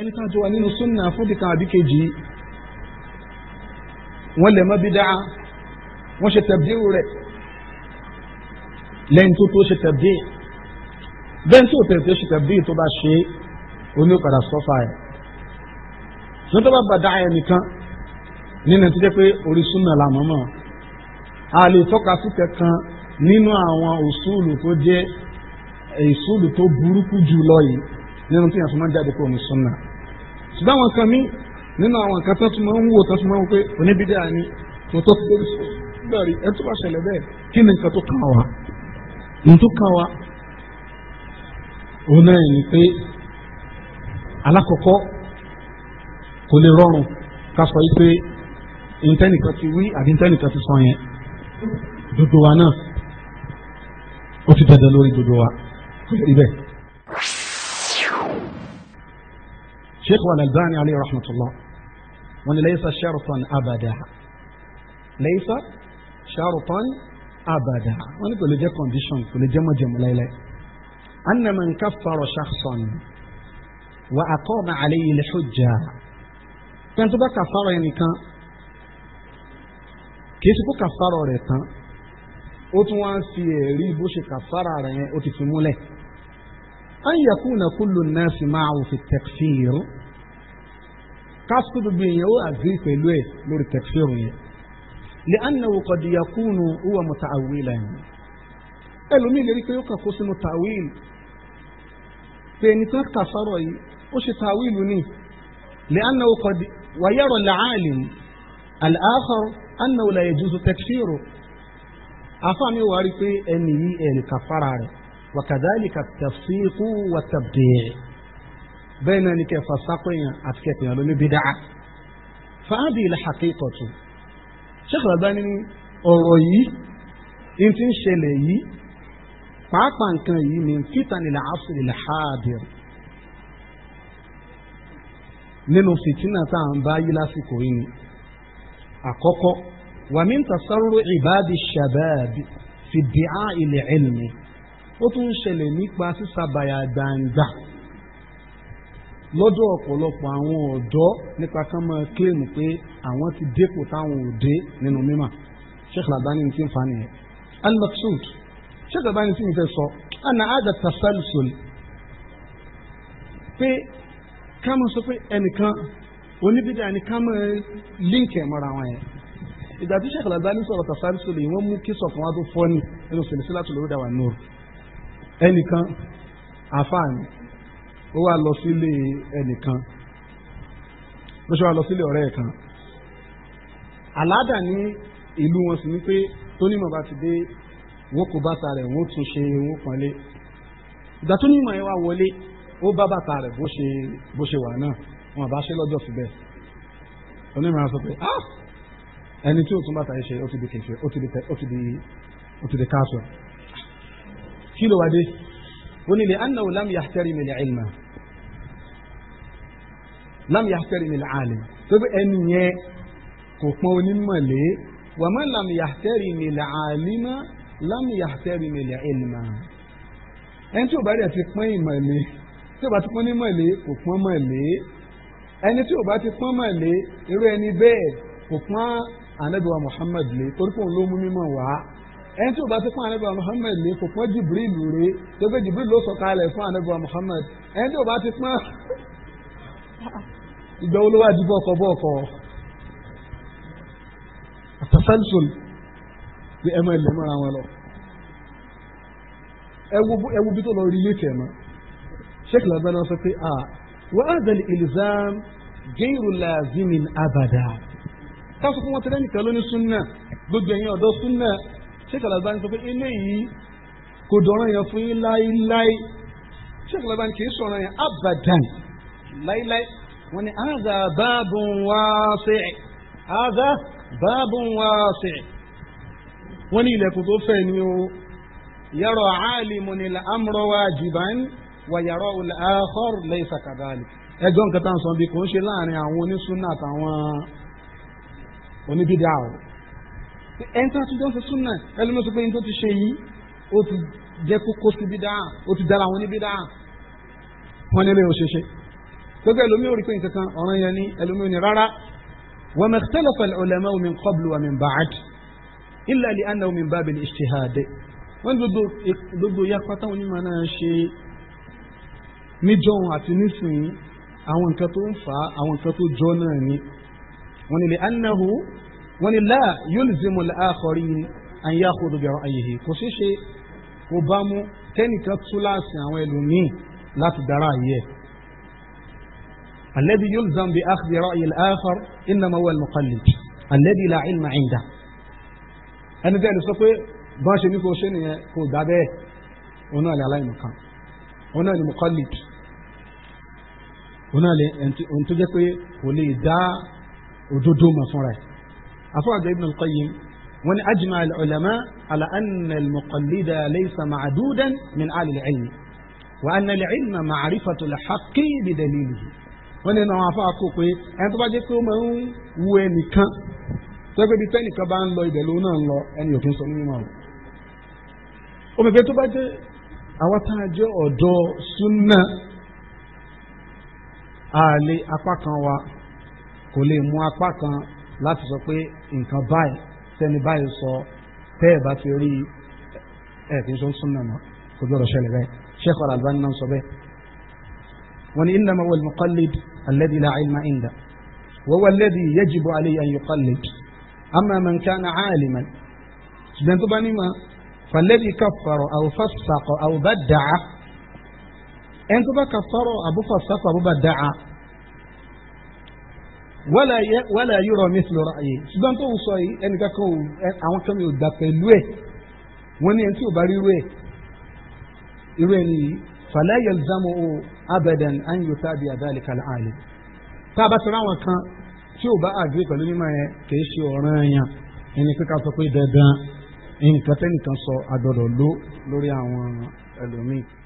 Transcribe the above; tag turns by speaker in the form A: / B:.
A: ẹni tá a jọ wà nínú súnà fúdìkan àbíkejì wọ́n lè mọ́ bídá wọ́n ṣe tẹ̀bíù rẹ̀ lẹ́yìn tó tó ṣe tẹ̀bíù bẹ́ẹ̀ tó tẹ̀ tó ṣe tẹ̀bíù tó bá ṣe oní òkàdà sọ́fà ẹ̀ lọ́tọ́ bá bàdá ẹ̀ nìkan nínú tó jẹ́ pé orí súnà làmọ́ mọ́ a lè tọ́ka sí kankan nínú àwọn òṣùlù tó jẹ́ èṣùlù tó burúkú jù lọ yìí nínú tí yàtọ̀ máa ń jáde kúrò ní sunna ṣùgbọ́n àwọn kan mí nínú àwọn kan tó tún máa ń wò tó tún máa ń wò pé oníbídà ni tó tó tó bẹ̀rẹ̀ ẹ tó bá ṣẹlẹ̀ bẹ́ẹ̀ kí ni nǹkan tó kàn wá ní tó kàn wá òun náà ni pé alákọ̀ọ́kọ́ kò lè rọrùn ká sọ yìí pé ìntẹ́nìkan ti wí àbí ìntẹ́nìkan ti sọ yẹn dodo wa náà ó fi dandan lórí dodo wa kò lè bẹ́ẹ̀. sheikh wa Al-Albani alayhi rahmatullah wọn ni laysa shartan abada laysa shartan abada wọn ni kò lè jẹ́ condition kò lè jẹ́ mọ̀jẹ̀mú láíláí anna man kaffara shakhsan wa aqama alayhi al-hujja pẹ̀ntú bá kàfàrà ẹnìkan kìí ṣe kó kàfàrà rẹ̀ tán ó tún wá ń fi ẹ̀rí bó ṣe kàfàrà rẹ̀ yẹn ó ti fi múlẹ̀ an yakuna kullu nnaasi ma'ahu fi takfir kásìkò gbogbo èèyàn ó àgbé pẹ̀lú ẹ̀ lórí takfir yẹn li'annahu qad yakunu huwa muta'awwilan yẹn ẹlòmíì lè rí pé ó kà kó sínú tàwíìlì pé ẹni tí wọ́n kà sọ̀rọ̀ yìí ó ṣe tàwíìlì ni li'annahu qad wa yara al-'alim al-akhar annahu la yajuzu takfiru àfààní wàá rí pé ẹni yìí ẹ̀ ní kàfàrà rẹ̀ وكذلك التفسيق والتبديع بين أنك فسقين أتكتنا لن بدعة فهذه الحقيقة شيخ الألباني أوروي إن تنشلي pàápàá nǹkan yìí ni fítàní làásù ilẹ̀ háàdìr nínú fìtínà tá à ń bá yí lásìkò yìí ni àkọ́kọ́ wàmí tasarru ìbáàdì shabab fi dìá ilẹ̀ ilmi ó tún ń ṣẹlẹ̀ nípa sísàbàyà gbàǹgbà lọ́dọ̀ ọ̀pọ̀lọpọ̀ àwọn ọ̀dọ́ nípa kán máa kílèmù pé àwọn ti dépò táwọn ò dé nínú mímà sheikh labani ti ń fa nìyẹn al-maqsud sheikh labani ti ń fẹ́ sọ ana ada tasalsul pé ká máa sọ pé ẹnìkan oníbìdá ni ká máa líǹkì ẹ̀ mọ́ra wọn yẹn ìgbà tí sheikh labani sọ̀rọ̀ tasalsul yìí wọ́n mú kí sọ̀kan wá tó fọ́ ni nínú sèlésílà tó lórí dàwà nóòrù ẹnìkan àfààní ó wá lọ sílé ẹnìkan ló ṣe wá lọ sílé ọ̀rẹ́ ẹ̀ kan àládà ní ìlú wọn sì ni pé tónímọ̀ bá ti dé wọn kò bàtà rẹ̀ wọn tún ṣe wọn pọ́nlé ìgbà tónímọ̀ yẹn wá wọlé ó bá bàtà rẹ̀ bó ṣe bó ṣe wà náà wọn bá ṣe lọ́jọ́ síbẹ̀ tónímọ̀ yẹn sọ pé ah ẹni tí ó tún bàtà yẹn ṣe ó ti di kẹfẹ ó ti di ó ti kí ló wá dé ó ní lè annahu lam yahtarim al-ilma lam yahtarim al-alim tó bí ẹni yẹn kò pọn onímọ̀lé wa man lam yahtarim al-alima lam yahtarim al-ilma ẹni tí ò bá rẹ̀ ti pọ́n ìmọ̀lé tí ò bá ti pọ́n nímọ̀lé kò pọ́n mọ̀lé ẹni tí ò bá ti pọ́n mọ̀lé irú ẹni bẹ́ẹ̀ kò pọ́n ànábì wa Muhammad torí pé òun ló mú mímọ̀ wá ẹni tí o bá ti fún anabiwa muhammed ní kò pọ́n jibril rèé lọ́gbẹ́ jibril ló sọ kalẹ̀ fún anabiwa muhammed ẹni tí o bá ti pọ́n ìgbà wo ló wá di bọ́ọ̀kọ́ bọ́ọ̀kọ́ àtàfẹ́sọ̀l bí ẹ máa lè mọ́ra wọn lọ ẹ wo bí tó lọ rí ilé tẹ̀ mọ́ sheikh labana sọ pé a wà á dàlí ilzam gairu lazimin abada ká fún wọn tẹ́lẹ̀ nìkan lóní súnà gbogbo ẹ̀yin ọ̀dọ́ súnà sheikh alabani sọ pé eléyìí kò dọ̀rọ̀ yẹn fún yín láéláé sheikh alabani kì í sọ̀rọ̀ yẹn abadan láéláé wọ́n ní aza baabun wáṣẹ̀ aza baabun wáṣẹ̀ wọ́n ní ilẹ̀kùn tó fẹ̀ ni o yàrá alimu ni amúrọ̀ wajiban wà yàrá al-akhar laysa kadhalik ẹgbẹ́ nǹkan ń sọ bí kò ń ṣe láàrin àwọn onísùnà àtàwọn oníbídà o ẹni tó ti jọ ń ṣe súnà ẹlòmíràn sọ pé ẹni tó ti ṣe yìí ó ti jẹ́ kókó sí bí dáa ó ti dára àwọn oníbí dáa wọn lè lè ò ṣe ṣe gbogbo ẹlòmíràn ò rí pé nǹkan kan ọ̀ràn yẹn ni ẹlòmíràn ni rárá wa ma ikhtalafa al-ulama'u min qablu wa min ba'd illa li'annahu min babil ijtihad wọ́n gbogbo yapa táwọn onímọ̀ náà ṣe níjọ́un àti nísìnyí àwọn nǹkan tó ń fa àwọn nǹkan tó jọ náà ni wọ́n ní li'annahu wọ́n ní láà yulzimu al-akharin an yakhudhu bi ra'yihi kò sí ṣe kò bá mú kẹ́nìkan túláàsì àwọn ẹlòmíì láti dára ayé ẹ̀. alladhi yulzam bi akhdhi ra'yi al-akhar innama huwa al-muqallid alladhi la ilma inda. ẹni tẹ́lẹ̀ sọ pé bá a ṣe ní kò ṣe nìyẹn kò dá bẹ́ẹ̀ òun náà lè aláìmọ̀kan òun náà أفاد ابن القيم وأن أجمع العلماء على أن المقلد ليس معدودا من muqallida العلم وأن العلم معرفة al-ilm wa anna al-ilma ma'rifatu al-haqqi bi dalilihi wọ́n ní àwọn afọ́ àkó pé ẹni tó bá jẹ́ pé ó máa ń wu ẹnìkan tó gbé bí tẹ́nìkan bá ń lọ ibẹ̀ lóun náà ń lọ ẹni ò sọ nínú àwọn. òmìnira tó bá jẹ́ àwọn tá a jẹ́ ọ̀dọ́ súnà àlè apá kan wa kò lè mú apá kan láti sọ pé nǹkan báyìí sẹ́ni báyìí sọ tẹ́ bá ti rí ẹ̀ kì ń súnmọ̀ súnà mọ́ kò gbọ́dọ̀ ṣẹlẹ̀ bẹ́ẹ̀ ṣẹ́kọ̀ al-Albani náà sọ bẹ́ẹ̀. wọ́n ní innama wal muqallid alẹ́dì la ilma inda wa huwa alladhi yajibu alayhi an yuqallid amma man kana aliman ṣùgbọ́n tó bá ní ma falladhi kaffara aw fassaqa wala yẹ wala yọrọ mi fi yọrọ ayé ṣùgbọ́n tó ń sọ yìí ẹnìkan kan ò ẹ àwọn kan mi ò gbà pẹ̀lú ẹ̀ wọ́n ní ẹni tí ò bá rí irú ẹ̀ irú ẹ̀ nìyí fala yalzamu abadan an yutabi'a dhalika al-alim tá a bá sọ̀rọ̀ àwọn kan tí ò bá pẹ̀lú mímọ́ yẹn kì í ṣe ọ̀ràn yẹn ẹni pé sọ pé dandan nǹkan tẹ́nìkan sọ agbọ́dọ̀ ló lórí àwọn ẹlòmíì